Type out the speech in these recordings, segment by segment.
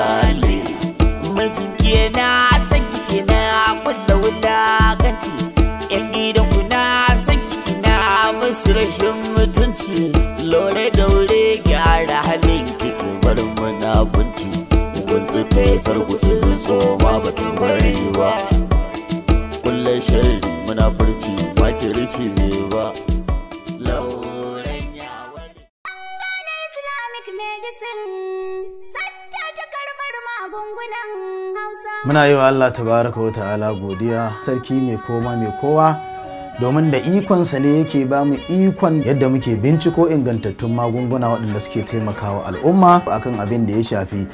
lale mijin kena san kike na kulla wulakanci yan gidan ku na san kike na musu rashin mutunci lore daure gyara halin kike bar mana bunci kun tsufe sarkutu tsoma ba ta bari ba kullum sharri muna furci ba kirici ne ba Islamic medicine. Muna yi wa Allah tabaraka wata ala godiya sarki mai koma mai kowa domin da ikonsa ne yake ba mu ikon yadda muke binciko ingantattun magunguna waɗanda suke taimakawa al'umma akan abin da ya shafi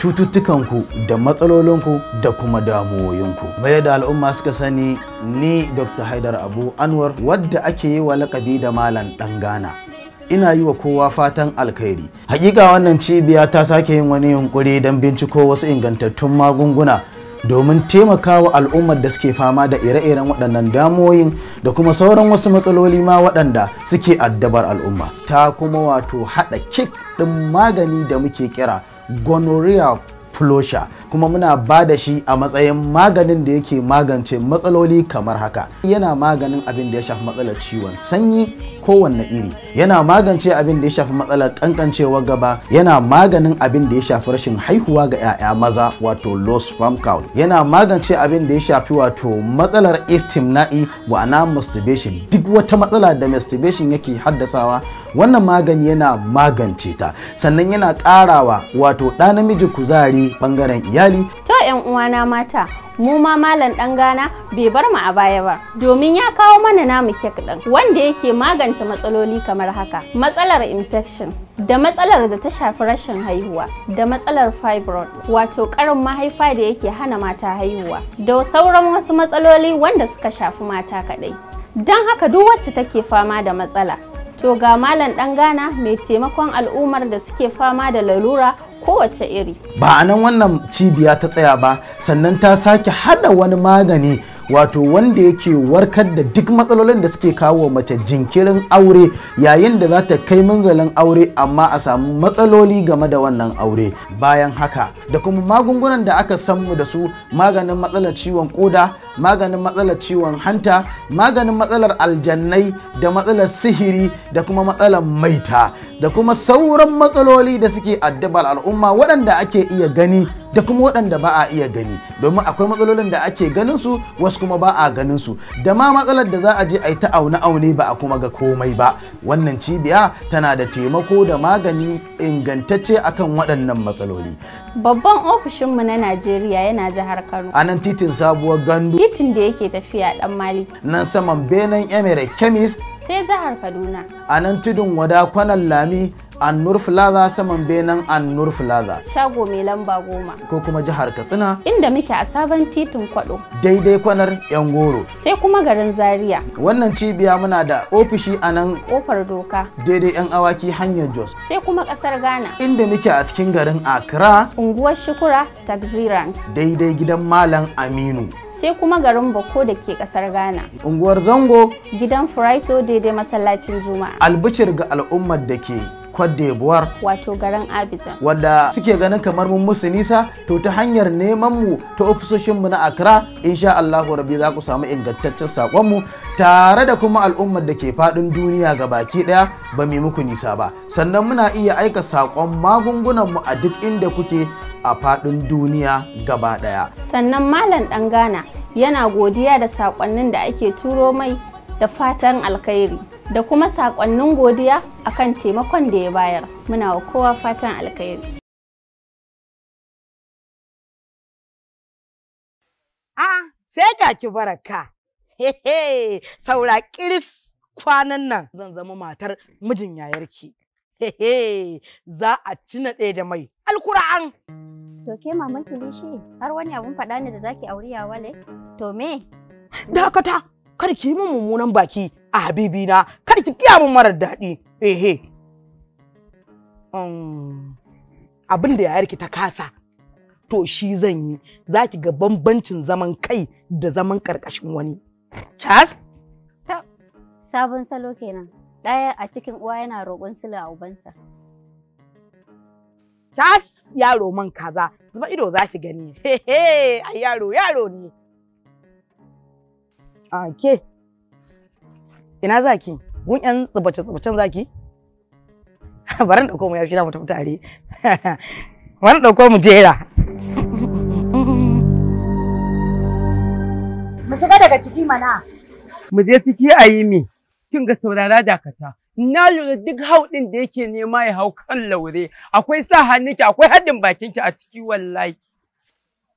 cututtukanku da matsalolinku da kuma damuwoyinku. Mai yadda al'umma suka sani ni Dr. Haidar Abu Anwar wadda ake yi wa lakabi da Malam Ɗan Ghana. ina yi wa kowa fatan alkhairi hakika wannan cibiya ta sake yin wani yunkuri don binciko wasu ingantattun magunguna domin taimakawa al'ummar da suke fama da ire-iren waɗannan damoyin da kuma sauran wasu matsaloli ma waɗanda suke addabar al'umma ta kuma wato haɗa kik ɗin magani da muke kira gonorrhea flosha kuma muna ba da shi a matsayin maganin da yake magance matsaloli kamar haka yana maganin abin da ya shafi matsalar ciwon sanyi kowanne iri yana magance abin da ya shafi matsalar kankancewar gaba yana maganin abin da ya shafi rashin haihuwa ga 'ya'ya maza wato low sperm count yana magance abin da ya shafi wato matsalar istimna'i ana masturbation duk wata matsala da masturbation yake haddasawa wannan magani yana magance ta sannan yana karawa wato ɗa namiji kuzari bangaren iyali ta 'yan uwana mata mu ma malam dan gana bai bar mu a baya ba domin ya kawo mana namu kek din wanda yake magance matsaloli kamar haka matsalar infection da matsalar da ta shafi rashin haihuwa da matsalar fibroid wato karin mahaifa da yake hana mata haihuwa da sauran wasu matsaloli wanda suka shafi mata kadai don haka duk wacce take fama da matsala to ga malam dan gana mai taimakon al'ummar da suke fama da lalura kowace iri ba a nan wannan cibiya ta tsaya ba sannan ta sake hada wani magani wato wanda yake warkar da duk matsalolin da suke kawo mace jinkirin aure yayin da za ta kai manzalin aure amma a samu matsaloli game da wannan aure bayan haka da kuma magungunan da aka san mu da su maganin matsalar ciwon koda maganin matsalar ciwon hanta maganin matsalar aljannai da matsalar sihiri da kuma matsalar maita da kuma sauran matsaloli da suke addabar al'umma waɗanda ake iya gani da kuma waɗanda ba a iya gani domin akwai matsalolin da ake ganin su wasu kuma ba a ganin su da ma matsalar da za a je a yi ta aune aune ba a kuma ga komai ba wannan cibiya tana da taimako da magani ingantacce akan waɗannan matsaloli babban ofishinmu na najeriya yana jihar kano a nan titin sabuwar gandu titin da yake tafiya dan mali nan saman benen emirate chemist sai jihar Kaduna. A nan tudun wada kwanan lami Annur Plaza saman benin Annur Plaza. Shago mai lamba goma. Ko kuma jihar Katsina. Inda muke a sabon titin Kwado. Daidai kwanar Yan Goro. Sai kuma garin Zaria. Wannan cibiya muna da ofishi a nan. Kofar Doka. Daidai Yan Awaki hanyar Jos. Sai kuma kasar Ghana. Inda muke a cikin garin Accra. Unguwar Shukura, Taxi Daidai gidan Malam Aminu. sai kuma garin Bako da ke kasar Ghana. Unguwar Zango gidan Furaito daidai masallacin Juma'a. Albicir ga al'ummar da ke Côte d'Ivoire wato garin Abidjan wadda suke ganin kamar mun musu nisa to ta hanyar neman mu ta ofisoshin mu na Accra insha Allah rabi za ku samu ingantaccen sakon mu tare da kuma al'ummar da ke fadin duniya ga baki daya ba mu muku nisa ba sannan muna iya aika sakon magungunan mu a duk inda kuke a fadin duniya gaba daya sannan malam dan Ghana yana godiya da sakonnin da ake turo mai da fatan alkhairi da kuma saƙonnin godiya a kan taimakon da ya bayar muna wa kowa fatan alkhairi a sai ga ki baraka saura kiris kwanan nan zan zama matar mijin yayarki za a ci ɗaya da mai alkura'an to ke maman kilishi har wani abun faɗa ne da zaki aure ya wale to me dakata kar ki yi min mummunan baki a habibi na kada ki kiya min marar daɗi ehe um, abin da yayarki ta kasa to shi zan yi zaki ga bambancin zaman kai da zaman karkashin wani cas ta sabon salo kenan ɗaya a cikin uwa yana roƙon sila a ubansa cas yaro man kaza zuba ido za ki gani a yaro yaro ne a ina zaki gun yan tsubace tsubacen zaki bari dauko mu yafi na mu tare wani dauko mu jera mu shiga daga ciki mana mu je ciki a yi mi kin ga saurara dakata na lura duk hauɗin da yake nema ya hau kan laure akwai sa hannunki akwai bakin bakinki a ciki wallahi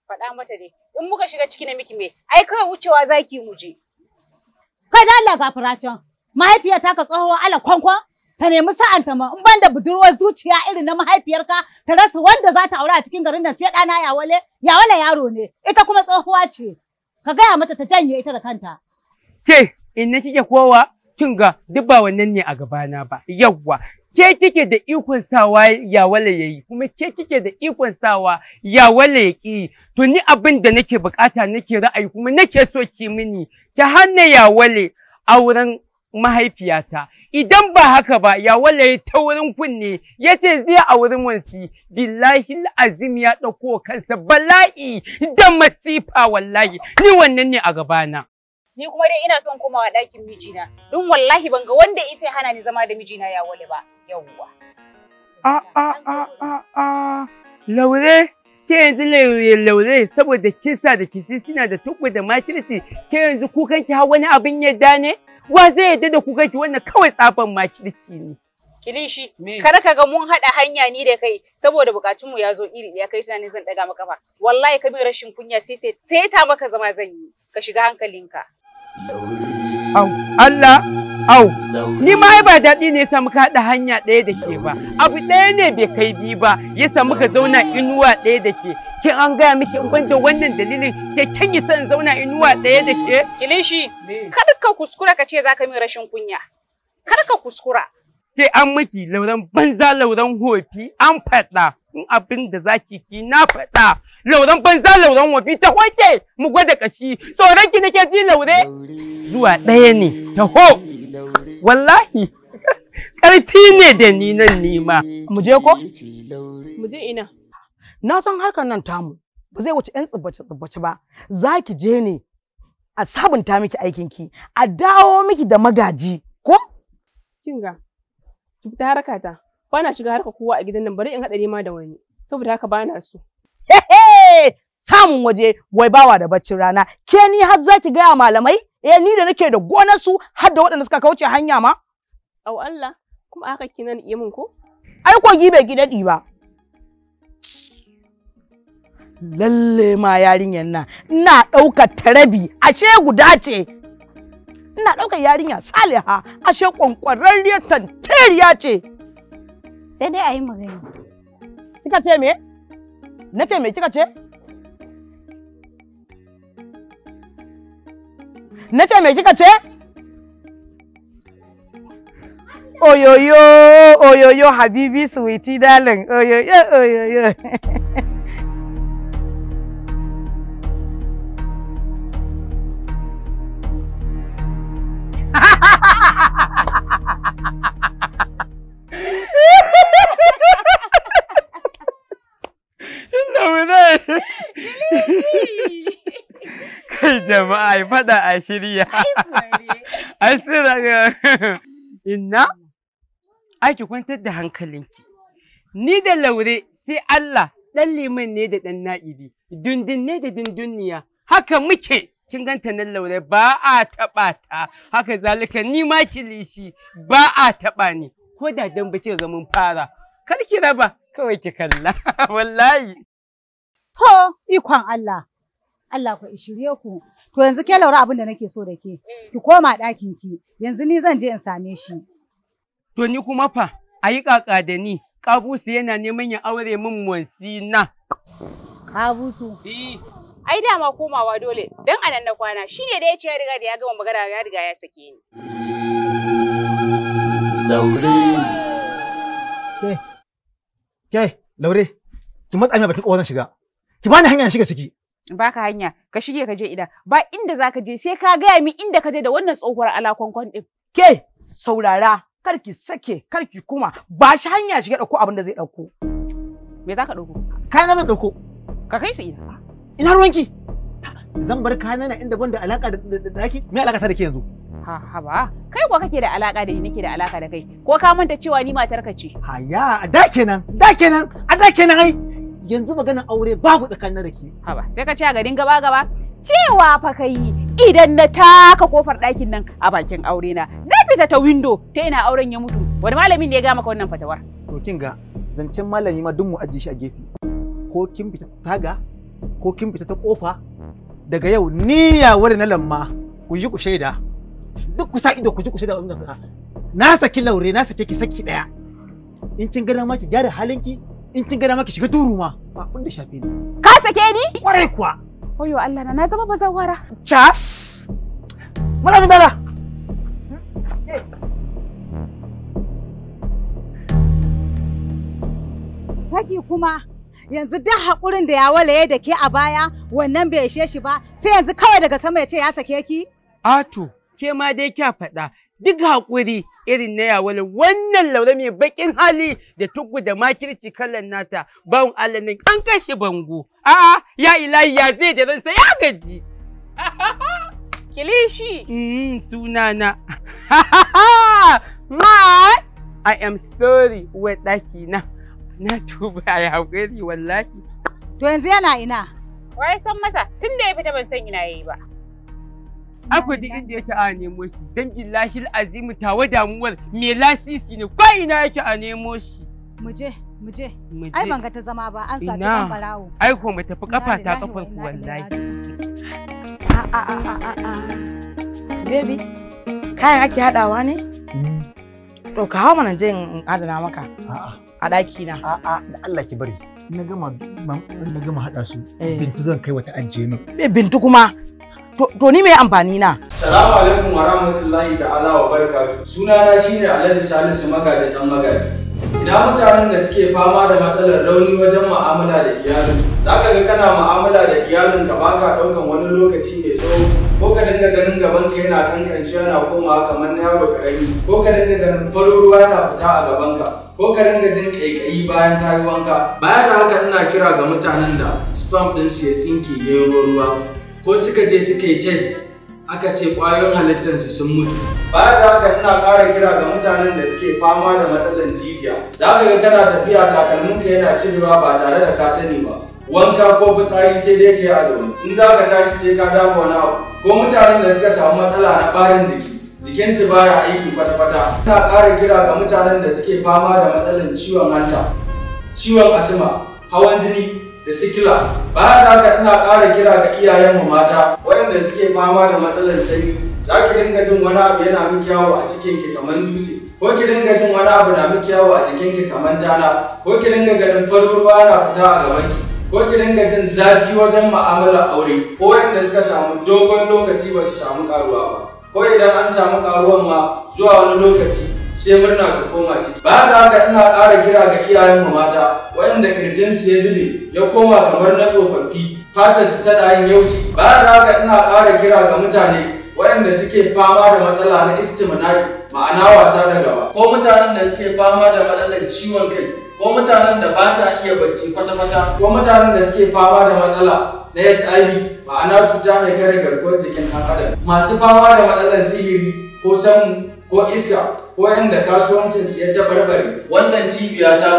faɗa mata dai in muka shiga ciki na miki me ai kawai wucewa zaki mu je kai da Allah gafara can mahaifiyata ka tsohuwa ala kwankwan ta nemi sa'anta ma in ban da budurwar zuciya irin na mahaifiyarka ta rasa wanda za ta auri a cikin garin nan sai ɗana yawale yawale yaro ne ita kuma tsohuwa ce ka gaya mata ta janye ita da kanta. Ke in na kike kowa kin ga duk ba wannan ne a gabana ba yawwa ke kike da ikon sawa ya wala yayi kuma ke kike da ikon sawa ya wala yaki to ni abin da nake bukata nake ra'ayi kuma nake so ki mini ta hanna ya wale auren mahaifiyata idan ba haka ba ya wale ta wurin kunne yace zai a wurin wansi billahi azim ya dauko kansa bala'i da masifa wallahi ni wannan ne a gabana ni kuma dai ina son komawa ɗakin mijina don wallahi ban ga wanda ya hana ni zama da mijina ya wale ba yawwa a a a a a laure ke yanzu laure saboda kisa da kisi suna da tukwa da makirci ke yanzu kukan ki har wani abin yadda ne wa zai yadda da kukan ki wannan kawai tsafan makirci ne kilishi kada ka ga mun haɗa hanya ni da kai saboda bukatun mu ya zo iri ya kai tunanin zan ɗaga maka fa wallahi ka bi rashin kunya sai sai sai ta maka zama zan yi ka shiga hankalinka Au, Allah, au, ni ma ba daɗi ne samu muka haɗa hanya ɗaya da ke ba, abu ɗaya ne bai kai bi ba, ya samu ka zauna inuwa ɗaya da ke, kin an gaya miki in banda wannan dalilin Ke can yi san zauna inuwa ɗaya da ke. Kilishi, kar ka kuskura ka ce za ka min rashin kunya, kar ka kuskura. Ke an miki lauran banza lauran hofi an faɗa, in abin da zaki ki na faɗa. lauran banza lauran wafi ta hoke mu gwada kashi tsoron ki nake ji laure zuwa ɗaya ne ta ho wallahi ƙarfi ne da ni nan nima mu je ko mu je ina na san harkar nan tamu ba zai wuce yan tsibbace tsibbace ba za ki je ne a sabunta miki ki a dawo miki da magaji ko kinga ki fita harkata ba na shiga harka kowa a gidan nan bari in haɗa ma da wani saboda haka ba na so samun waje wai bawa da baccin rana ke ni har zaki gaya malamai eh ni da nake da gonar su har da waɗanda suka kauce hanya ma au Allah kuma aka kina iya min ko ai ko gibe gidadi ba lalle ma yarinyar na ina ɗaukar tarabi ashe guda ce ina ɗaukar yarinya saliha ashe kwankwararriyar tantariya ce sai dai a yi magana kika ce me na ce me kika ce na ce me kika ce oyoyo oyoyo habibi suwiti darling oyoyo oyoyo jama'a ya faɗa a shirya. Ai suna ga inna ai ki kwantar da hankalinki. Ni da laure sai Allah ɗan liman ne da ɗan na'ibi, dundun ne da dundunniya, haka muke. Kin ganta nan laure ba a taɓa ta, haka zalika ni ma kilishi ba a taɓa ni, ko da don bace ga mun fara. Kar ki raba kawai ki kalla, wallahi. Ho, ikon Allah, Allah ku shirye ku. To yanzu ke laura abin da nake so da ke, ki koma ɗakin ki, yanzu ni zan je in same shi. To ni kuma fa, a yi ƙaƙa da ni, ƙabusu yana neman ya aure min monsina. Ƙabusu? Eh. Ai dama komawa dole, don a nan na kwana, shi ne da ya ce ya riga da ya gama magana ya riga ya sake ni. Laure. Ke, ke, Laure, ki matsa ba ki ƙwazon shiga, ki bani hanyar shiga ciki. baka hanya ka shige ka je ida ba inda zaka je sai ka gaya min inda ka je da wannan tsohuwar alakonkon din ke saurara kar ki sake kar ki kuma ba shi hanya shiga dauko abin da zai dauko me zaka dauko kayan zan dauko ka kai su ina ina ruwanki zan bar kayan na inda banda alaka da daki me alaka ta da ke yanzu ha ha ba kai ko kake da alaka da ni nake da alaka da kai ko ka manta cewa ni matar ka ce haya da kenan da kenan a da kenan ai yanzu maganar aure babu tsakanin da ke. Haba, sai ka ce a garin gaba gaba cewa fa ka yi idan na taka kofar ɗakin nan a bakin aure na na fita ta windo ta ina auren ya mutu wani malamin da ya gama maka wannan fatawar. To kin ga zancen malami ma duk mu ajiye shi a gefe ko kin fita taga ko kin fita ta kofa daga yau niyya wani na lamma ku ji ku shaida duk ku sa ido ku ji ku shaida na saki laure na saki ki saki daya in kin gana ma ki gyara halinki in kin gada maki shiga duru ma ba kun da shafe ni ka sake ni kwarai kuwa oyo Allah na na zama bazawara chas mala min dala Saki kuma yanzu duk haƙurin da ya walaye da ke a baya wannan bai ishe shi ba sai yanzu kawai daga sama ya ce ya sake ki? Ato, ke ma dai kya faɗa duk haƙuri irin na yawala wannan laure mai baƙin hali da tugu da makirci kallon nata bawon Allah an kashe bango a'a ya ilahi ya zai da ransa ya gaji kilishi mm, na. ma I am sorry wa ɗaki na na tuba ya haƙuri wallahi to yanzu yana ina wai san masa tunda ya fita ban san ina yayi ba Akwai duk inda yake a nemo shi dan billahi azimu tawa damuwar me lasisi ne ko ina yake a nemo shi. Mu je mu je. Ai ban ga ta zama ba an saci kan barawo. Ai ko mu tafi kafa ta kafar ku wallahi. A a a a a. Baby kayan ake hadawa ne? Hmm. To ka hawa mana je in adana maka. A'a. A ɗaki na. A'a da Allah ki bari. Na gama na gama hada su. Eh. Bintu zan kai wata ajiye min. Eh, Bintu kuma to ni mai amfani na salamu alaikum wa rahmatullahi ta'ala wa Suna sunana shine alhaji salisu magajin dan magaji ina mutanen da suke fama da matsalar rauni wajen mu'amala da iyalinsu za ka ga kana mu'amala da ka ba ka ɗaukan wani lokaci mai tsawo ko ka dinga ganin ka yana kankance yana komawa kamar na yaro karami ko ka dinga ganin farin ruwa yana fita a gabanka ko ka dinga jin kaikayi bayan ta yi wanka baya da haka ina kira ga mutanen da spam ɗin su ya sinke gero ruwa ko suka je suka yi test aka ce ƙwayoyin halittarsu sun mutu. Baya da haka ina ƙara kira ga mutanen da suke fama da matsalar jijiya. Za ka ga kana tafiya takalminka yana cirewa ba tare da ka sani ba. Wanka ko fitsari sai dai ka yi a zaune. In za ka tashi sai ka dafa wani abu. Ko mutanen da suka samu matsala na ɓarin jiki. Jikinsu baya aiki kwata-kwata. Ina ƙara kira ga mutanen da suke fama da matsalar ciwon hanta, ciwon asima, hawan jini, da sikila bayan da haka ina ƙara kira ga iyayen mu mata waɗanda suke fama da matsalar sanyi za ki dinga jin wani abu yana miki yawo a cikin ki kamar dutse ko ki dinga jin wani abu na miki yawo a jikin ki kamar tana ko ki dinga ganin farin ruwa na fita a gaban ki ko ki dinga jin zafi wajen mu'amalar aure ko waɗanda suka samu dogon lokaci ba su samu karuwa ba ko idan an samu karuwan ma zuwa wani lokaci sai murna ta koma ciki ba da haka ina ƙara kira ga iyayen mu mata waɗanda kirjinsu ya zube ya koma kamar na tsofaffi fatar su tana yin yaushi ba da haka ina ƙara kira ga mutane waɗanda suke fama da matsala na istimnai ma'ana wasa da gaba ko mutanen da suke fama da matsalar ciwon kai ko mutanen da ba sa iya bacci kwata-kwata ko mutanen da suke fama da matsala na HIV ma'ana cuta mai kare garkuwar jikin ɗan adam masu fama da matsalar sihiri ko samu ko iska ko yadda kasuwancin su ya tabarbare. Wannan cibiya ta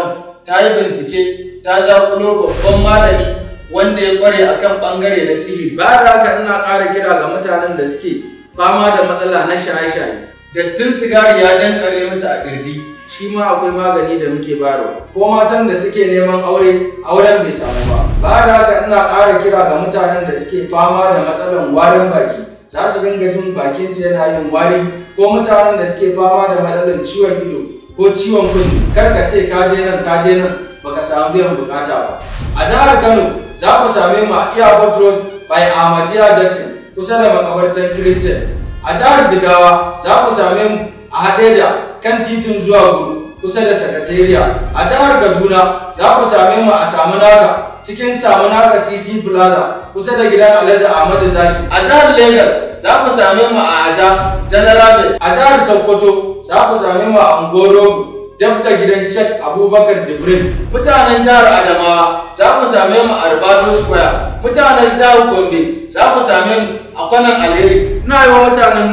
ta yi bincike ta zakulo babban malami wanda ya kware akan bangare na sihiri. Ba da haka ina ƙara kira ga mutanen da suke fama da matsala na shaye-shaye. Dattin sigari ya dankare musu a ƙirji. shi ma akwai magani da muke bayarwa ko matan da suke neman aure auren bai samu ba ba da haka ina ƙara kira ga mutanen da suke fama da matsalan warin baki za su dinga jin bakinsu yana yin wari ko mutanen da suke fama da matsalar ciwon ido ko ciwon kudi kar ka ce ka je nan ka je nan baka samu biyan bukata ba a jihar Kano za ku same mu a Airport Road by Ahmadiyya Jackson kusa da makabartar Christian a jihar Jigawa za ku same mu a Hadeja kan titin zuwa Guru kusa da sakatariya a jihar Kaduna za ku same mu a Samunaka cikin Samunaka City Plaza kusa da gidan Alhaji Ahmadu Zaki a jihar Lagos za ku same mu a aja general a jihar sokoto za ku same mu a angorogu dab da gidan shek abubakar jibril mutanen jihar adamawa za ku same mu a ribado square mutanen jihar gombe za ku same mu a kwanan alheri ina yi wa mutanen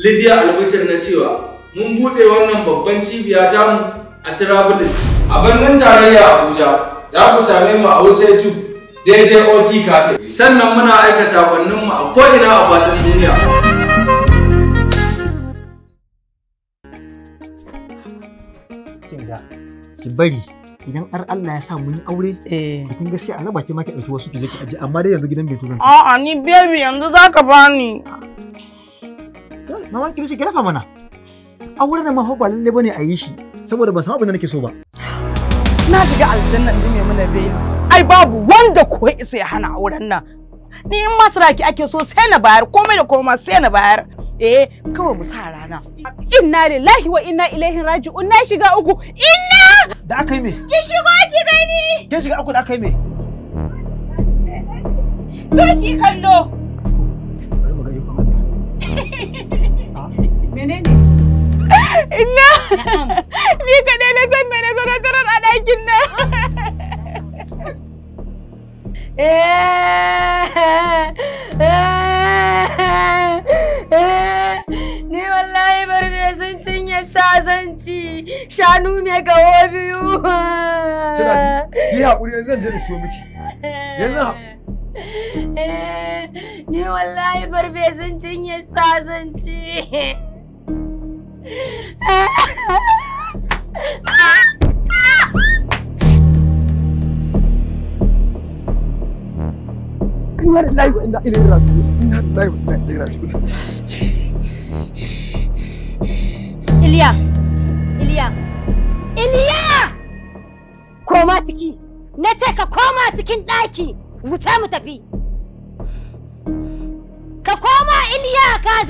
libya albishir na cewa mun buɗe wannan babban cibiya tamu a travelers a birnin tarayya abuja za ku same mu a wuse daidai ot cafe sannan muna aika sakonninmu a ko'ina a fatan duniya ki bari idan har Allah ya sa mun yi aure eh. kin ga sai a raba ki ma ki wasu ki je ki aje amma dai yanzu gidan bai tuzan a'a ni baby yanzu zaka bani mama ki ce ki rafa mana aure na ma ba lalle bane a yi shi saboda ban san abin da nake so ba na shiga aljanna din mai mana bai ai babu wanda ko isa ya hana auren nan ni in ma saraki ake so sai na bayar komai da komai sai na bayar eh kawai mu sa rana inna lillahi wa inna ilaihi raji'un na shiga uku inna da aka yi me ki shigo ki gani ki shiga uku da aka yi me so ki kallo bari mu ga ikon Allah ah. menene inna ni kadai na san me na zo na tarar a ɗakin nan ni wallahi bari ne sun cinye sazanci shanu mai gawo biyu haƙuri yanzu zan je da so miki yanzu Ni wallahi barbe sun cinye sazanci. inna lillahi wa inna Iliya Iliya Iliya koma ciki na ce ka koma cikin ɗaki wuce mu tafi ka koma Iliya ka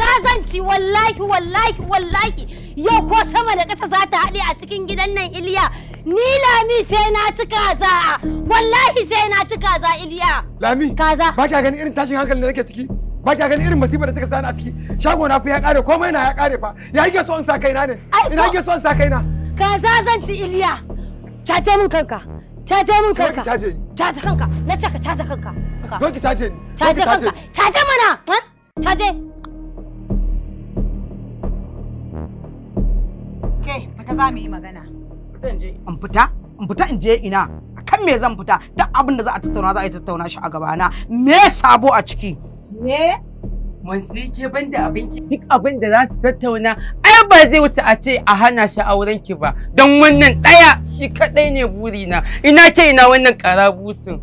yau ko sama da ƙasa za ta haɗe a cikin gidan nan Iliya Ni Lami sai na ci kaza. Wallahi sai na ci kaza Iliya. Lami. Kaza. Ba kya gani irin tashin hankalin da nake ciki? Ba kya gani irin masifar da take sani a ciki? Shago na fa ya kare komai na ya kare fa. Ya yake so in sa kaina ne? Ina yake so in sa kaina? Kaza zan ci Iliya. Cace min kanka. Caje min kanka. Caje ni. Caje kanka. Na ci ka caje kanka. Ko ki caje ni. Caje kanka. Caje mana. Caje. Ke, ta za mu yi magana. in fita in fita in je ina kan me zan fita duk abin da za a tattauna za a yi tattauna shi a gabana me sabo a ciki me mun sai ke banda abin ki duk abin da za su tattauna ai ba zai wuce a ce a hana shi auren ki ba don wannan daya shi kadai ne burina ina ke ina wannan karabusin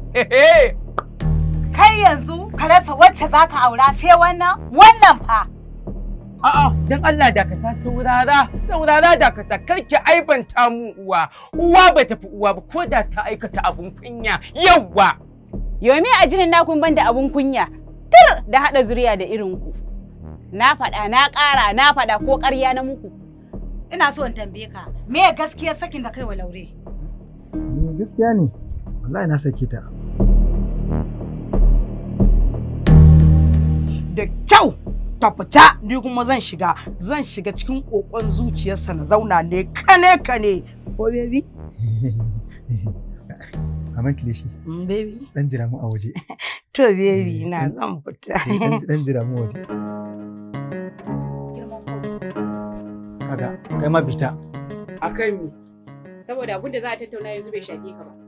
kai yanzu ka rasa wacce zaka aura sai wannan wannan fa A'a, don Allah dakata saurara, saurara dakata, karki aibanta mu uwa. Uwa bai tafi uwa ba, ko da ta aikata abun kunya, yawwa. Yomi a jinin na kun banda abun kunya, tur da haɗa zuriya da irin ku. Na faɗa, na ƙara, na faɗa ko ƙarya na muku. Ina so in tambaye ka, me gaskiyar sakin da kai wa laure? Eh, gaskiya ne, wallahi na sake ta. Da kyau! ta fita ni kuma zan shiga zan shiga cikin kokon zuciyarsa na zauna ne kane kane ko baby aman kilishi mm, baby dan jira mu a waje to baby eh, na zan fita eh, dan jira mu waje kaga kai ma bita akai mu saboda abin da za a tattauna yanzu bai shafe ka ba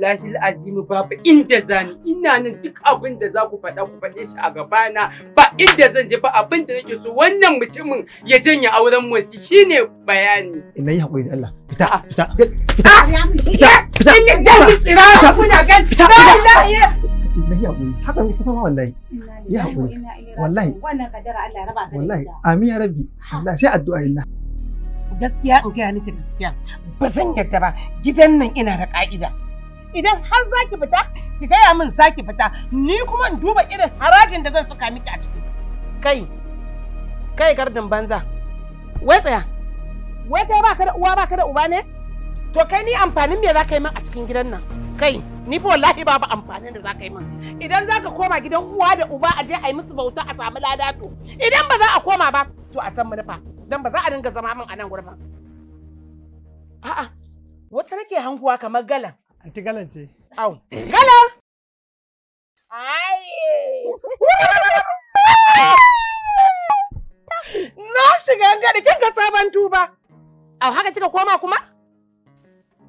lahil azimu babu inda zani ina nan duk abin da za ku faɗa ku faɗe shi a gabana ba inda zan je ba abin da nake so wannan mutumin ya janye auren motsi shine bayani ina yi haƙuri da Allah fita fita fita ah! fita fita ina da tsira kuna gan fita fita Ina yi haƙuri haka ta fama wallahi yi haƙuri wallahi wannan kadara Allah ya raba ka wallahi amin ya rabbi Allah sai addu'a illa gaskiya in gaya nake gaskiya ba zan yarda ba gidan nan ina da ka'ida idan har za ki fita ki gaya min za ki fita ni kuma in duba irin harajin da zan saka miki a ciki kai kai gardin banza wai tsaya wai kai baka da uwa baka da uba ne to kai ni amfanin me za ka yi min a cikin gidan nan kai ni fa wallahi babu amfanin da za ka yi min idan za ka koma gidan uwa da uba a je a yi musu bauta a samu lada to idan ba za a koma ba to a san manufa dan ba za a dinga zama min a nan gurbin a'a wata nake hanguwa kamar galan Anti galan Au. Gala! Ai! Na shiga ga da kinga sabon tuba. Au haka kika koma kuma?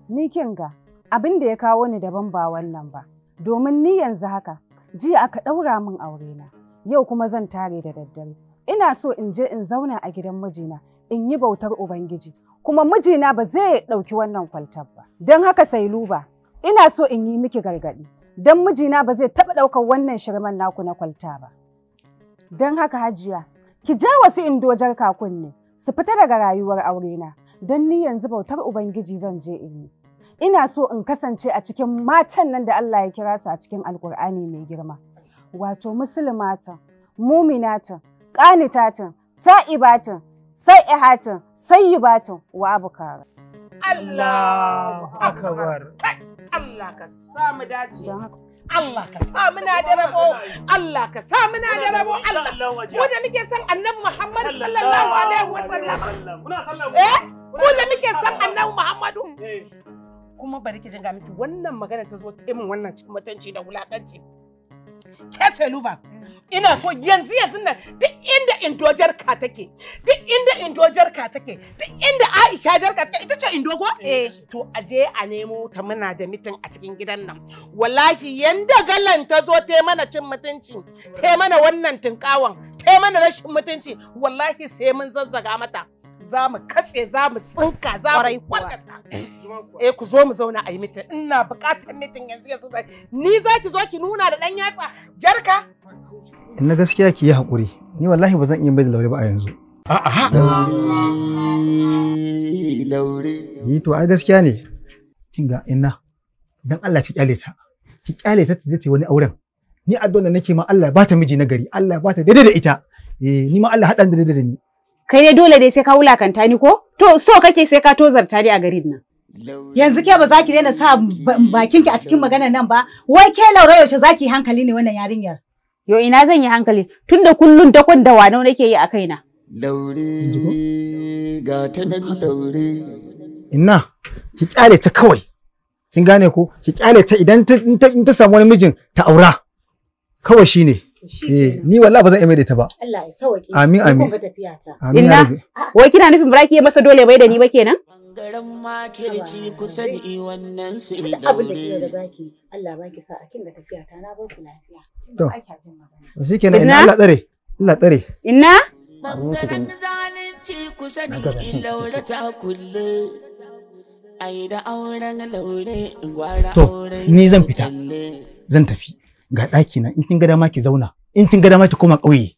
Ni kinga abin da ya kawo ni daban ba wannan ba. Domin ni yanzu haka jiya aka ɗaura min aure na. Yau kuma zan tare da daddare. Ina so in je in zauna a gidan mijina in yi bautar Ubangiji, kuma mijina ba zai ɗauki wannan kwaltar ba. Don haka sai luba, Ina so in yi miki gargaɗi, don mijina ba zai taɓa ɗaukar wannan shirman naku na kwalta ba. Don haka hajiya, ki ja wasu indojar kakunni su fita daga rayuwar aurena, don ni yanzu bautar Ubangiji zan je in yi. Ina so in kasance a cikin matan nan da Allah ya kira su a cikin Alkur'ani mai girma. Wato musulmatan, muminatan, ƙanitatan, ta'ibatan, sai'ihatan, sayyibatan wa abukara. Allah akbar. Allah ka sa mu dace Allah ka sa muna da rabo Allah ka sa muna da rabo Allah mu da muke san annabi Muhammad sallallahu alaihi wa sallam eh mu da muke san annabi Muhammadu eh. kuma bari ki jinga miki wannan magana ta zo ta yi min wannan cin mutunci da wulakanci kese luba ina so yanzu yanzu nan duk inda indo jarka take duk inda indo jarka take duk inda aisha jarka take ita ce indo ko eh to aje a nemo ta muna da mitin a cikin gidan nan wallahi yanda galan ta zo ta mana cin mutunci ta mana wannan tinkawan ta mana rashin mutunci wallahi sai mun zazzaga mata za mu katse za mu tsinka za mu kwarkata. eh ku zo mu zauna a yi mitin ina buƙatar mitin yanzu yanzu ni za ki zo ki nuna da dan yatsa jarka na gaskiya ki yi haƙuri ni wallahi ba zan iya bai da laure ba a yanzu a'a laure yi eh, to ai gaskiya ne kinga ina dan Allah ki kyale ta ki kyale ta ta je wani auren ni addu'a da nake ma Allah ba ta miji na gari Allah ba ta daidai da ita eh ni ma Allah haɗa da daidai da ni kai ne dole dai sai ka wulakanta ni ko to so kake sai ka tozarta ni a garin nan yanzu ke ba za ki daina sa bakinki a cikin maganar nan ba wai ke laura yaushe za ki hankali ne wannan yarinyar yo ina zan yi hankali tunda kullun dakon da wanau nake yi a kaina laure ga ta nan laure ina ki kyale ta kawai kin gane ko ki kyale ta idan ta samu wani mijin ta aura kawai shine eh ni wallahi ba zan mai ba Allah ya sauke amin amin ina wai kina nufin baraki ya masa dole bai da ni ba kenan kusa baki sa da to ni zan fita zan tafi ga ɗaki na in kin ga dama ki zauna in kin ga dama ki koma ƙauye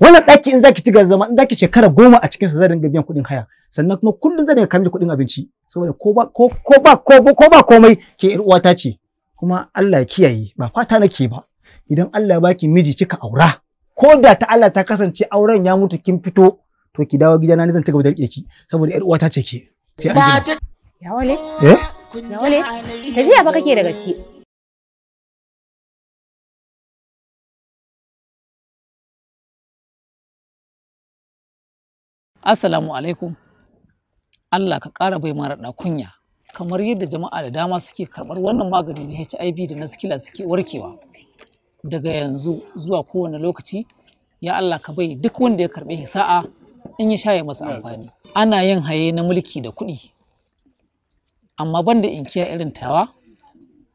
wannan ɗaki in zaki tiga zama in zaki shekara goma a cikin sa zan dinga biyan kuɗin haya sannan kuma kullum zan dinga kamar kuɗin abinci saboda ko ba ko ba ko ba komai ke ƴar uwata ce kuma Allah ya kiyaye ba fata nake ba idan Allah ya baki miji kika aura ko da ta Allah ta kasance auren ya mutu kin fito to ki dawo gidana ne zan ci da rike ki saboda ƴar uwata ce ke sai an ya wale eh ya wale tafiya fa kake da gaske Assalamu alaikum. Allah ka ƙara bai mara da kunya. Kamar yadda jama'a da dama suke karɓar wannan magani na HIV da na sikila suke warkewa. Daga yanzu zuwa kowane lokaci, ya Allah ka bai duk wanda ya karɓe sa'a in ya shaye masa amfani. Ana yin haye na mulki da kuɗi. Amma banda inkiya irin tawa,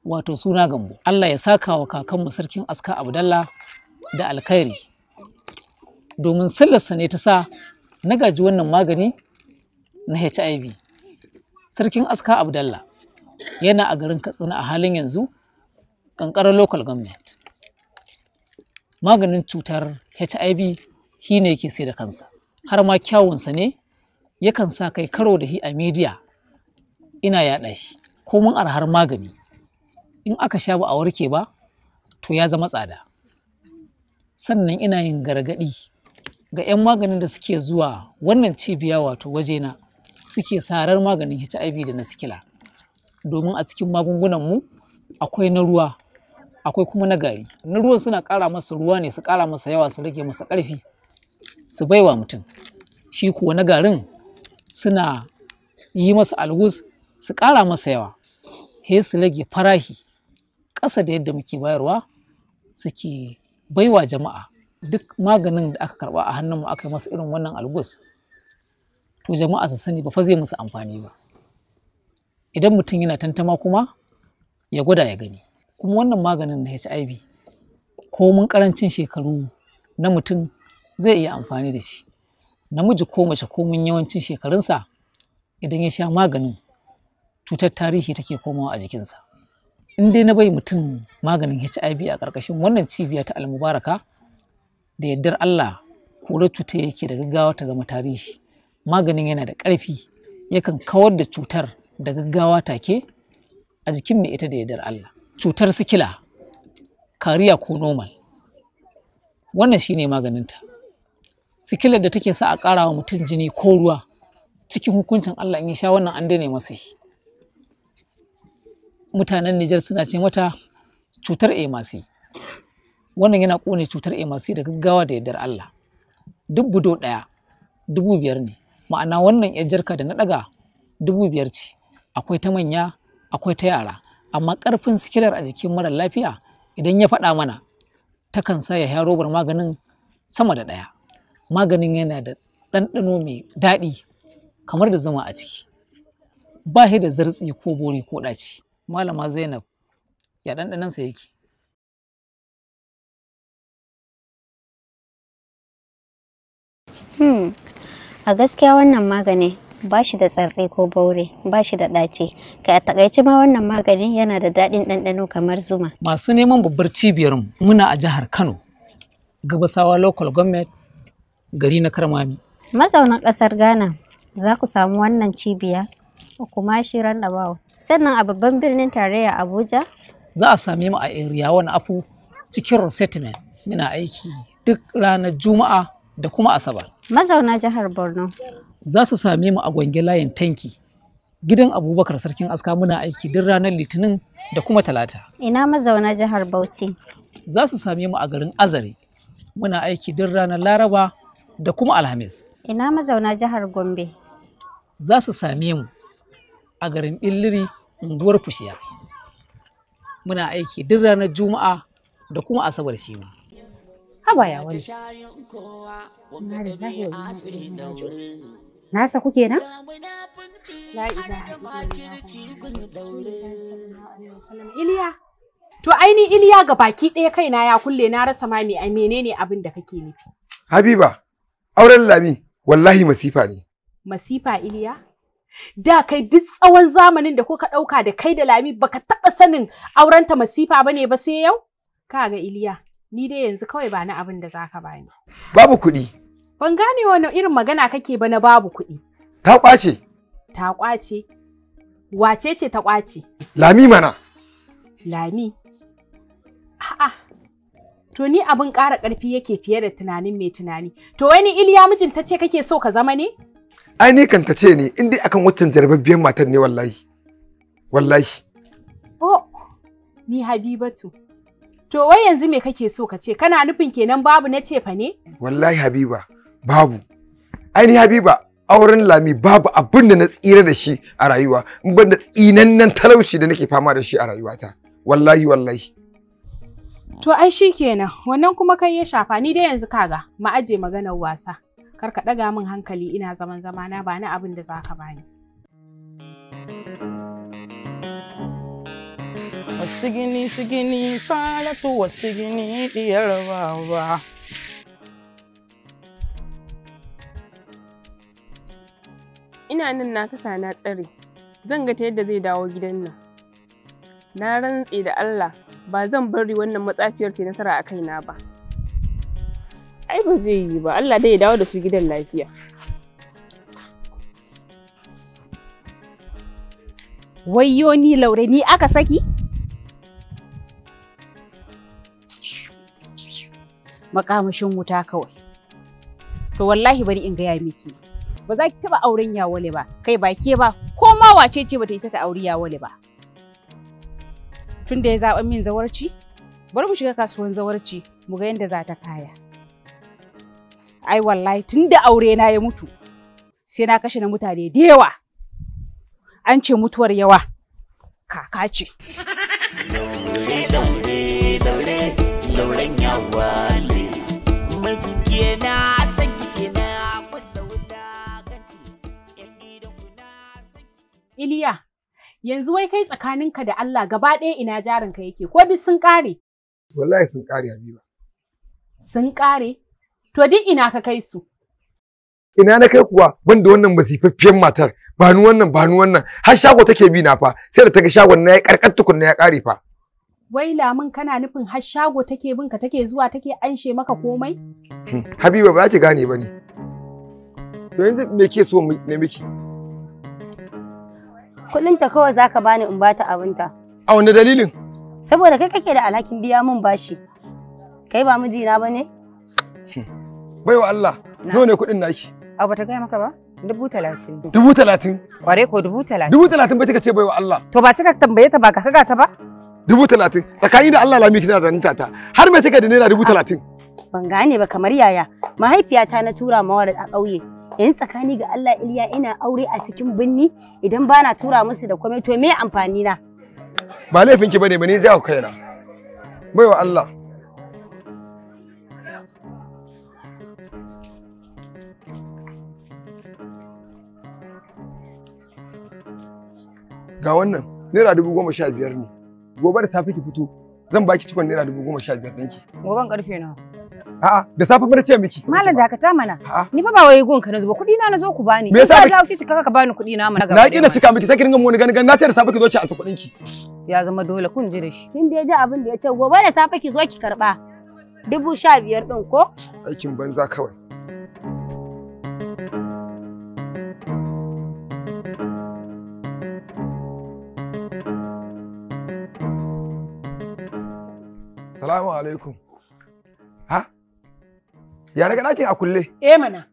wato suna gambo. Allah ya saka wa kakanmu sarkin aska Abdallah da Alkairi. Domin sallarsa ne ta sa na gaji wannan magani na HIV sarkin aska abdallah yana a garin katsina a halin yanzu ƙanƙarar local government maganin cutar HIV shi ne yake sai da kansa har ma kyawunsa ne yakan sa kai karo da hi a media ina yaɗa shi ko mun arhar magani in aka sha ba a warke ba to ya zama tsada sannan ina yin gargaɗi ga 'yan maganin da suke zuwa wannan cibiya wato wajena suke sarar maganin HIV da na sikila domin a cikin magungunan mu akwai na ruwa akwai kuma na gari na ruwan suna ƙara masa ruwa ne su ƙara masa yawa su rage masa ƙarfi su baiwa mutum shi kuwa na garin suna yi masa algus su ƙara masa yawa he su rage farahi ƙasa da yadda muke bayarwa suke baiwa jama'a duk maganin da aka karɓa a hannunmu aka yi masa irin wannan algus to jama'a su sani ba fa zai musu amfani ba idan mutum yana tantama kuma ya gwada ya gani kuma wannan maganin na HIV ko mun karancin shekaru na mutum zai iya amfani da shi namiji ko mace ko mun yawancin shekarunsa idan ya sha maganin cutar tarihi take komawa a jikinsa in dai na bai mutum maganin HIV a ƙarƙashin wannan cibiya ta almubaraka da yardar Allah kura cuta yake da gaggawa ta zama tarihi maganin yana da ƙarfi yakan kawar da cutar da gaggawa take a jikin mai ita da yardar Allah cutar sikila kariya ko normal wannan shine maganinta sikilar da take sa a ƙara wa mutum jini ko ruwa cikin hukuncin Allah in ya sha wannan an dane masa mutanen Nijar suna ce mata cutar emasi wannan yana kone cutar AMC da gaggawa da yardar Allah duk budo ɗaya dubu biyar ne ma'ana wannan yar jarka da na ɗaga dubu biyar ce akwai ta manya akwai ta yara amma ƙarfin sikilar a jikin mara lafiya idan ya faɗa mana takan sa ya sha robar maganin sama da ɗaya maganin yana da ɗanɗano mai daɗi kamar da zama a ciki ba shi da zartsi ko bori ko ɗaci malama zainab ya ɗanɗanansa yake Hmm. A gaskiya wannan magani ba shi da tsartse ko baure ba shi da ɗace kai a takaice ma wannan magani yana da daɗin ɗanɗano kamar zuma. Masu neman babbar cibiyar mu muna a jihar Kano gabasawa local government gari na Karmami. Mazaunan ƙasar Ghana za ku samu wannan cibiya kuma shi Bawo. Sannan a babban birnin tarayya Abuja. Za a same mu a area wani afu cikin resettlement muna aiki duk ranar Juma'a da kuma Asabar. mazauna jihar borno za su same mu a gwange layin tanki gidan abubakar sarkin aska muna aiki duk ranar litinin da kuma talata ina mazauna jihar bauchi za su same mu a garin azare muna aiki duk ranar laraba da kuma alhamis ina mazauna jihar gombe za su same mu a garin billiri unguwar fushiya muna aiki duk ranar juma'a da kuma asabar Shima. haba ya wani inna lillahi wa inna ilaihi raji'un nasa kuke nan la ilaha illallah iliya to aini iliya ga baki ɗaya kaina ya kulle na rasa ma me ai menene abin da kake nufi habiba auren lami wallahi masifa ne masifa iliya da kai duk tsawon zamanin da kuka ɗauka da kai da lami baka taɓa sanin aurenta masifa ba ne ba sai yau kaga iliya ni dai yanzu kawai ba na abin da zaka bani. Babu kuɗi. Ban gane wani irin magana kake ba na babu kuɗi. Ta ƙwace. Ta ƙwace. Wace ce ta ƙwace? Lami mana. Lami. A'a. To ni abin ƙara ƙarfi yake fiye da tunanin mai tunani. To wani Iliya mijin ta ce kake so ka zama ne? Ai ni kan ta ce ne in dai akan waccan jarbabbiyar matar ne wallahi. Wallahi. Oh, ni Habibatu. To wai yanzu me kake so ka ce kana nufin kenan babu na ce fa ne? Wallahi Habiba babu. Aini Habiba auren Lami babu abin da na tsira da shi a rayuwa in ban da tsinannen talauci da nake fama da shi a rayuwata. Wallahi wallahi. To ai shi kenan wannan kuma kai ya shafa ni dai yanzu kaga ma'aje maganar wasa. Kar ka daga min hankali ina zaman zamana ba na abin da zaka bani. thank you A sigini-sigini gini falatu sigini gini baba. Ina nan na kasa na tsare, zan ga ta yadda zai dawo gidan nan. Na rantse da Allah ba zan bari wannan matsafiyar ta nasara a kaina ba. Ai ba zai yi ba, Allah dai ya dawo da su gidan lafiya. Wayyo ni laure ni aka saki? makamashin wuta kawai to wallahi bari in gaya miki ba za ki taba auren yawale ba kai ba ke ba ko ma wace ce bata isa ta auri yawale ba Tunda da ya zaɓa min zawarci bari mu shiga kasuwan zawarci mu ga yadda za ta kaya ai wallahi tunda da aure na ya mutu sai na kashe na mutane da yawa an ce mutuwar yawa kaka ce Laure, laure, Iliya, yanzu wai kai tsakaninka da Allah gaba ɗaya ina jarinka yake, ko duk sun ƙare? Wallahi sun ƙare Habiba. Sun ƙare? To duk ina ka kai su? Ina na kai kuwa banda wannan masifaffiyar matar, ba ni wannan ba ni wannan, har shago take bi na fa, sai da ta ga shagon na ya karkar tukun na ya ƙare fa. Wai lamun kana nufin har shago take bin ka take zuwa take anshe maka komai? Hmm. Habiba ba za ki gane ba ne. To yanzu me ke so na miki? Kuɗin ta kawai zaka bani in bata abinta. A wani dalilin? Saboda kai kake da alhakin biya min bashi. Kai ba mijina ba ne? Hmm. Baiwa Allah, nawa ne kuɗin naki? A bata gaya maka ba? Dubu talatin. Dubu talatin? Kware ko dubu talatin. Dubu talatin ba kika ce baiwa Allah. To ba suka ka tambaye ta ba ka kaga ta ba? Dubu talatin. Tsakani da Allah lami kina zanta ta. Har me take da naira dubu talatin? Ban gane ba kamar yaya. Mahaifiyata na tura mawar a ƙauye. in tsakani ga Allah Iliya ina aure a cikin binni idan ba na tura musu da komai to me amfani na ba laifinki bane ba ni ku kaina baiwa Allah ga wannan naira dubu goma sha biyar ne gobe da safe ki fito zan baki cikon naira dubu goma sha biyar ɗinki goben karfe nawa A'a, da safe mun ce miki. Malam dakata mana. Ni fa ba wai gun ka na zuba kuɗi na zo ku bani. Me yasa ka ci kaka ka bani kuɗi na mana gaba. Na kina cika miki sai ki ringa mu gani gani na ce da safe ki zo ci a kuɗin ki. Ya zama dole kun ji da shi. Kin da ya ji abin da ya ce gobe da safe ki zo ki karba. Dubu sha biyar ɗin ko? Aikin banza kawai. Salamu alaikum. Ha? Ya daga a kulle. Eh mana.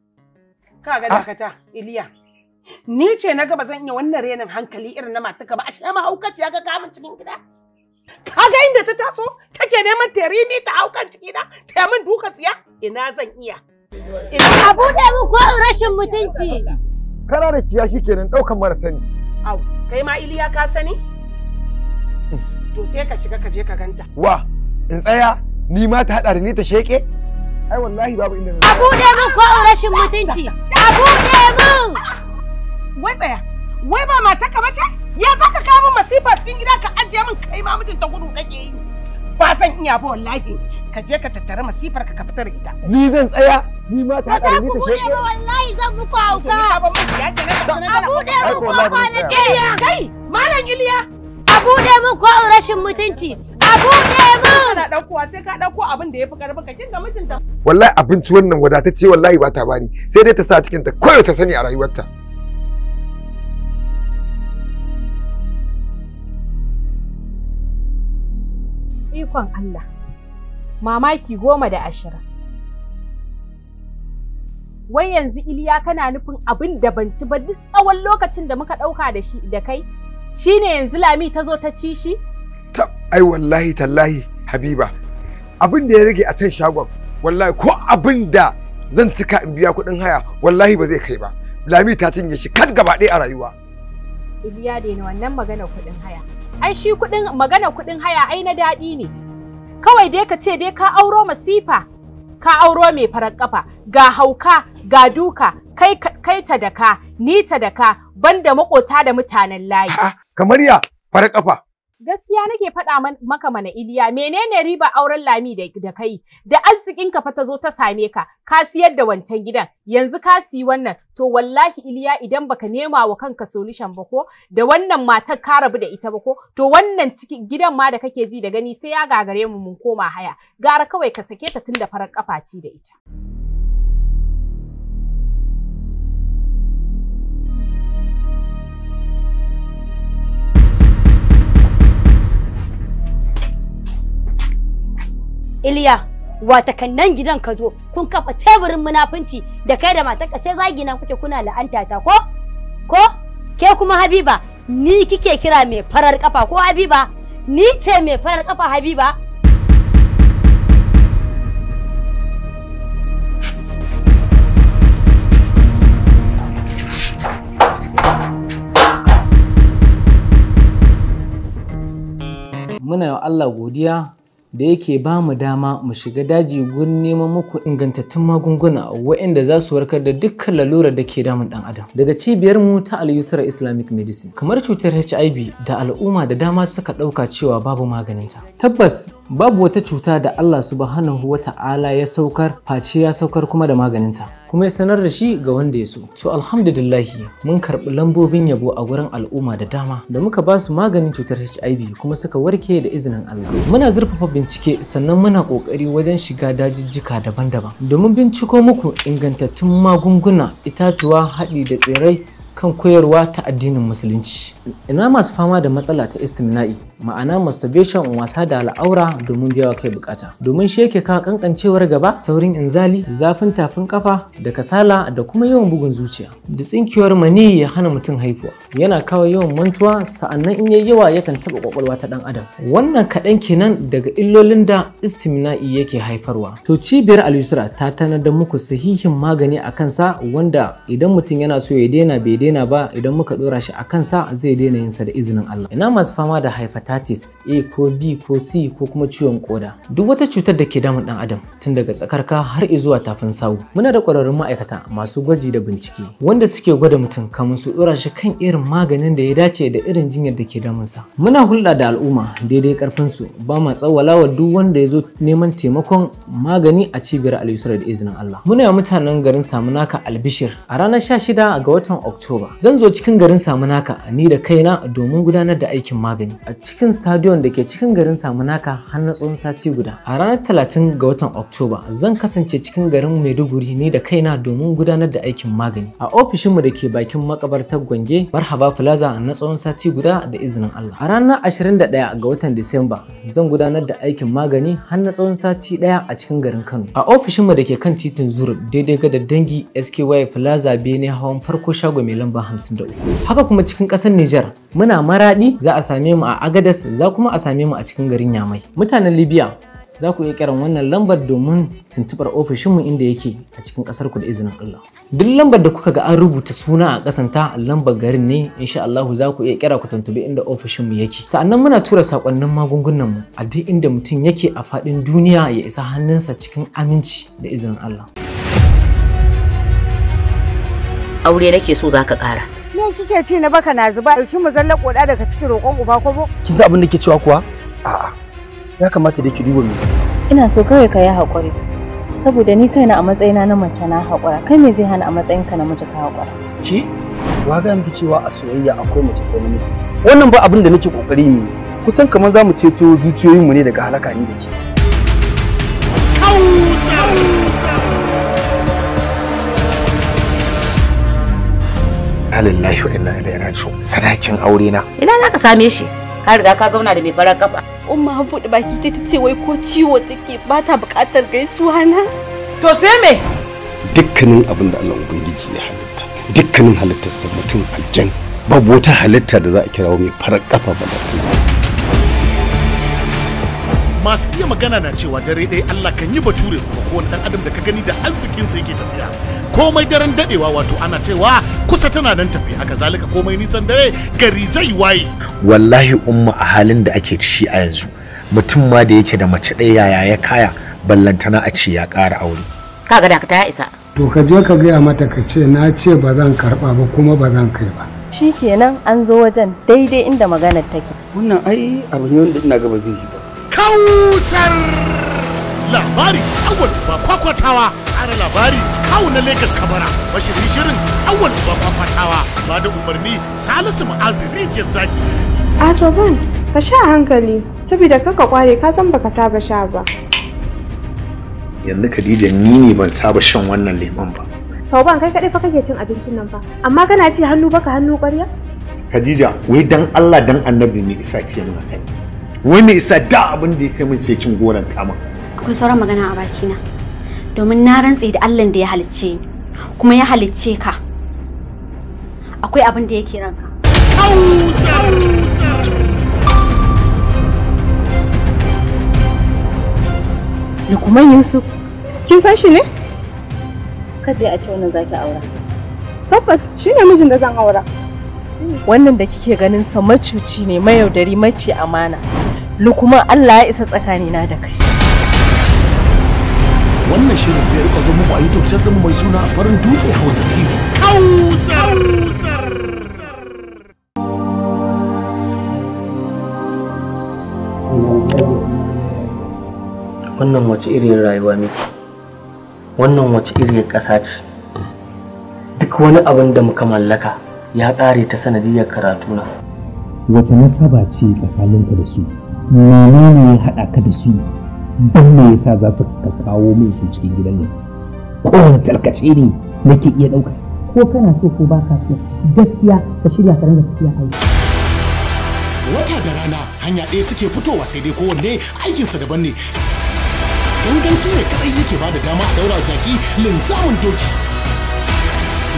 Ka ga ah. dakata Iliya. Ni ce na ga ba zan iya wannan renin hankali irin na matuka ba a sha ma haukaci ya ga kamun cikin gida. Ka ga inda ta taso take neman ta rimi ta haukan ciki na ta duka tsiya ina zan iya. A bude mu ko rashin mutunci. Kana da kiyashi kenan ɗaukan mara sani. Au, kai ma Iliya ka sani? Mm. To sai ka shiga ka je ka ganta. Wa, in tsaya ni ma ta haɗa da ni ta sheƙe? ai wallahi babu inda na. Abu da mun ko rashin mutunci Abu da mun wai tsaya wai ba mata ka bace ya zaka ka min masifa cikin gida ka ajiye min kai ma mijin ta gudu kake yi ba san iya ba wallahi ka je ka tattara masifar ka ka fita da gida ni zan tsaya ni ma ta haɗa ni ta ce ba wallahi zan muku hauka a buɗe mun ko kwanace kai malam iliya Abu da mun ko rashin mutunci ɗaukowa sai ka ɗauko abin da ya fi ƙarfin ka kinga mijinta. Wallahi abinci wannan wadatacce wallahi ba ta bani sai dai ta sa cikin ta koyo ta sani a rayuwarta. Ikon Allah, mamaki goma da ashirin. Wai yanzu Iliya kana nufin abin da ban ci ba duk tsawon lokacin da muka ɗauka da shi da kai, shine yanzu Lami ta zo ta ci shi? tab ai wallahi tallahi habiba abin da ya rage a can shagon wallahi ko abin da zan cika in biya kuɗin haya wallahi ba zai kai ba lami ta cinye shi kat gaba ɗaya a rayuwa Iliya da wannan magana kuɗin haya ai shi kuɗin magana kuɗin haya ai na daɗi ne kawai dai ka ce dai ka auro masifa ka auro mai farar kafa ga hauka ga duka kai kai ta da ka ni ta da ka banda makota da mutanen layi kamar ya farar kafa Gaskiya nake faɗa maka mana Iliya menene riba auren Lami da kai da arzikin ka fa ta zo ta same ka ka siyar da wancan gidan yanzu ka siyi wannan to wallahi Iliya idan baka nema wa kanka solution ba ko da wannan matar ka rabu da ita ba ko to wannan cikin gidan ma da kake ji da gani sai ya gagare mu mun koma haya gara kawai ka sake ta tunda farar kafa ci da ita. Iliya watakannan gidan ka zo kun kafa teburin munafunci da kai da matarka sai zagina kuke kuna la'anta ta ko ko ke kuma Habiba ni kike kira mai farar kafa ko Habiba ni ce mai farar kafa Habiba muna Allah godiya da yake ba mu dama mu shiga daji gurin neman muku ingantattun magunguna waɗanda za su warkar da dukkan lalurar da ke damun ɗan adam daga cibiyar mu ta al islamic medicine kamar cutar hiv da al'umma da dama suka ɗauka cewa babu maganinta tabbas babu wata cuta da Allah subhanahu wa ta'ala ya saukar face ya saukar kuma da maganinta kuma ya sanar da shi ga wanda ya so to alhamdulillahi mun karɓi lambobin yabo a wurin al'umma da dama da muka ba su maganin cutar HIV kuma suka warke da izinin Allah muna zurfafa bincike sannan muna ƙoƙari wajen shiga dajijjika daban-daban domin binciko muku ingantattun magunguna itatuwa haɗi da tsirai kan koyarwa ta addinin musulunci ina masu fama da matsala ta istimna'i ma'ana masturbation wasa da al'aura domin biyawa kai bukata domin sheke yake kawo kankancewar gaba saurin inzali zafin tafin kafa da kasala da kuma yawan bugun zuciya da tsinkiyar mani ya hana mutum haifuwa yana kawo yawan mantuwa sa'annan in yayi yawa yakan taba kwakwalwa ta dan adam wannan kaɗan kenan daga illolin da istimna'i yake haifarwa to cibiyar al ta tanar da muku sahihin magani a sa wanda idan mutum yana so ya daina bai daina ba idan muka dora shi a kansa zai daina yinsa da izinin Allah ina masu fama da hepatitis A ko B ko C ko kuma ciwon koda duk wata cutar da ke damun dan adam tun daga tsakarka har zuwa tafin sawu muna da kwararrun ma'aikata masu gwaji da bincike wanda suke gwada mutum kamun su dora shi kan irin maganin da ya dace da irin jinyar da ke sa muna hulɗa da al'umma daidai karfin su ba ma tsawalawa duk wanda ya zo neman taimakon magani a cibiyar Al-Yusra da izinin Allah muna mutanen garin Samunaka Albishir a ranar 16 ga watan Oktoba ba zan zo cikin garin samunaka ni da kaina domin gudanar da aikin magani a cikin stadion da ke cikin garin samunaka har na tsawon sati guda a ranar 30 ga watan oktoba zan kasance cikin garin maiduguri ni da kaina domin gudanar da aikin magani a ofishinmu da ke bakin makabartar gwange marhaba plaza na tsawon sati guda da izinin allah a ranar 21 ga watan disamba zan gudanar da aikin magani har na tsawon sati daya a cikin garin kano a ofishinmu da ke kan titin zuru daidai ga da dangi sky plaza bene hawan farko shago mai lamba 53 haka kuma cikin ƙasar Nijar muna maraɗi, za a same mu a Agadas za kuma a same mu a cikin garin Yamai mutanen Libya za ku iya kiran wannan lambar domin tuntubar ofishinmu inda yake a cikin ƙasar ku da izinin Allah. Duk lambar da kuka ga an rubuta suna a ƙasanta lambar garin ne insha Allah za ku iya kira ku tuntubi inda ofishinmu yake. Sa'annan muna tura sakonnin magungunan mu a duk inda mutum yake a faɗin duniya ya isa hannunsa cikin aminci da izinin Allah. aure nake so zaka kara. me kike ce na baka na zuba ki mu zalla koda daga cikin roƙon uba ko kin san abin da kike cewa kuwa a'a ya kamata da ki duba me ina so kawai ka yi hakuri saboda ni kaina a matsayina na mace na hakura kai me zai hana a matsayinka na mace ka hakura ki wa ga miki cewa a soyayya akwai mace ko namiji wannan ba abin da nake kokari ne kusan kamar za mu ceto zuciyoyinmu ne daga halaka ni da ke. Kautsar! inna lillahi wa inna ilaihi raji'un sadakin aure na ina za ka same shi ka riga ka zauna da mai farar kafa umma an buɗe baki ta ce wai ko ciwo take ba ta bukatar gaisuwa na to sai me dukkanin abin da Allah ubangiji ya halitta dukkanin halittarsa mutum aljan babu wata halitta da za a kira mai farar kafa ba masu iya magana na cewa dare ɗaya Allah kan yi bature kuma kowane ɗan adam da ka gani da arzikin sa yake tafiya komai daren dadewa wato ana cewa kusa tana nan tafi haka zalika komai nisan dare gari zai waye wallahi umma a halin da ake ci a yanzu mutum ma da yake da mace ɗaya yaya ya kaya ballantana a ce ya ƙara aure kaga da ta isa to ka je ka gaya mata ka ce na ce ba zan karɓa ba kuma ba zan kai ba shi kenan an zo wajen daidai inda maganar take wannan ai abin yau da ina ga zai yi ba kausar labari awal ba kwakwatawa tsara labari kawo na Legas kamara mashirin shirin awal ba kwakwatawa ba da umarni Salisu Ma'azi Rijiyar Zaki. Asoban ka sha hankali saboda kaka kware ka san baka saba sha ba. Yanzu Khadija ni ne ban saba shan wannan lemon ba. Sauban kai kaɗai fa kake cin abincin nan ba? amma kana ci hannu baka hannu ƙwarya? Khadija wai dan Allah dan annabi ne isa ce min kai. Wai me isa da abin da ya kai min sai cin goran tama. akwai sauran magana a bakina domin na rantse da Allah da ya halicce ni kuma ya halicce ka akwai abin da yake ranka Lukman Yusuf kin san shi ne kada a ce wannan zaki aura tabbas shine mijin da zan aura wannan da kike ganin sa macuci ne mayaudari mace amana Lukman Allah ya isa tsakanina da kai wannan shirin zai rika zo muku a youtube channel mai suna farin dutse hausa tv wannan wace irin rayuwa ne? wannan wace irin ƙasa ce duk wani abin da muka mallaka ya ƙare ta sanadiyar karatu na wace nasaba ce tsakaninka da su ne ya haɗa ka da su don me yasa za su ka kawo min su cikin gidan nan kowane tarkace ne nake iya ɗauka ko kana so ko ba ka so gaskiya ka shirya ka ringa tafiya aiki wata da rana hanya ɗaya suke fitowa sai dai kowanne aikinsa daban ne inganci ne kadai yake ba da dama a daura jaki linzamin doki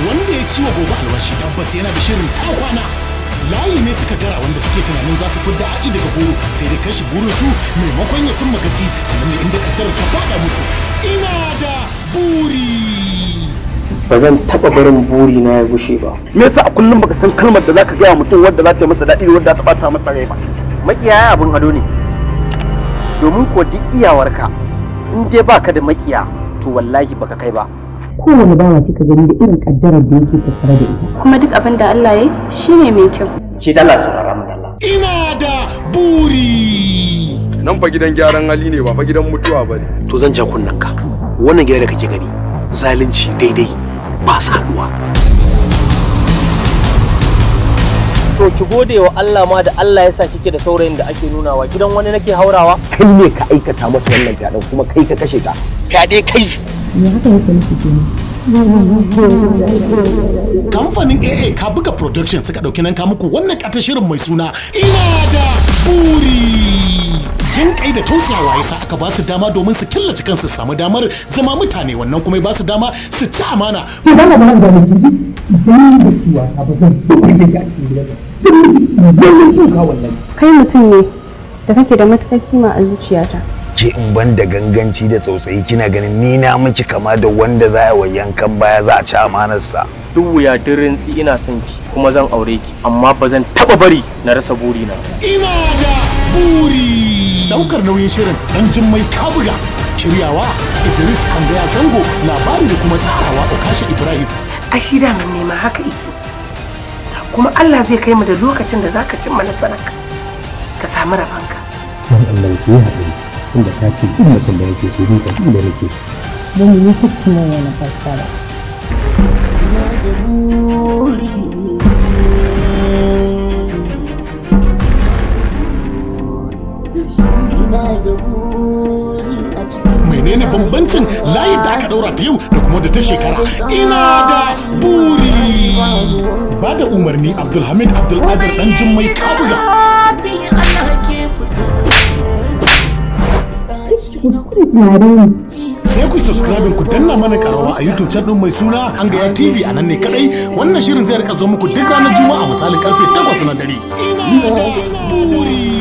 wanda ya ciwo gobe albashi tabbas yana da shirin ta kwana layi ne suka gara wanda suke tunanin za su fudda aɗi daga goro sai dai kashi goro su maimakon ya cin magaci ne inda kaddara ta faɗa musu ina da buri ba zan taɓa barin buri na ya gushe ba me yasa a kullum baka san kalmar da zaka gaya mutum wadda za ta masa daɗi wadda ta ɓata masa rai ba makiyaya abun ado ne domin ko duk iyawarka in dai baka da makiya to wallahi baka kai ba kowane bawa kika gani da irin kaddarar da yake tattare da ita kuma duk abin da Allah ya yi ne mai kyau ki Allah saurara mu Allah. ina da buri nan fa gidan gyaran hali ne ba fa gidan mutuwa bane to zan ja kunnen ka wannan gida da kake gani zalunci daidai ba saduwa to ki gode wa Allah ma da Allah ya sa kike da saurayin da ake nunawa gidan wani nake haurawa kai ne ka aikata masa wannan jadan kuma kai ka kashe ta ka dai kai kamfanin AA ka buga production suka ɗauki nan ka muku wannan ƙata shirin mai suna ina da buri jin kai da tausayawa yasa aka ba su dama domin su killace kansu su samu damar zama mutane wannan kuma ba su dama su ci amana to ba ba da miki ji idan da ki wasa ba zan da ki ake cikin gidan zan miki tsiyayyen wannan. kai mutum ne da kake da matukar kima a zuciyata ke in ban da ganganci da tsautsayi kina ganin ni na miki kama da wanda za a yankan baya za a ci amanarsa duk wuya duk rintsi ina son ki kuma zan aure ki amma ba zan taba bari na rasa burina ina da buri daukar nauyin shirin dan jimmai kabuga shiryawa idris andaya zango labari da kuma tsarawa okasha ibrahim a shi daman nema haka ike kuma allah zai kai mu da lokacin da zaka cimma nasararka ka samu rabanka dan allah ya yi haɗari tunda ka ce duk mutum da yake so ni ka da nake so dan yana fassara menene bambancin layi da aka daura ta yau da kuma da ta shekara ina da buri ba da umarni abdulhamid abdulkadir dan jummai kabula sai ku subscribe ku danna mana karawa a youtube channel mai suna hangaya tv a nan ne kadai wannan shirin zai rika zo muku duk ranar juma'a misalin karfe 8 na dare ina da buri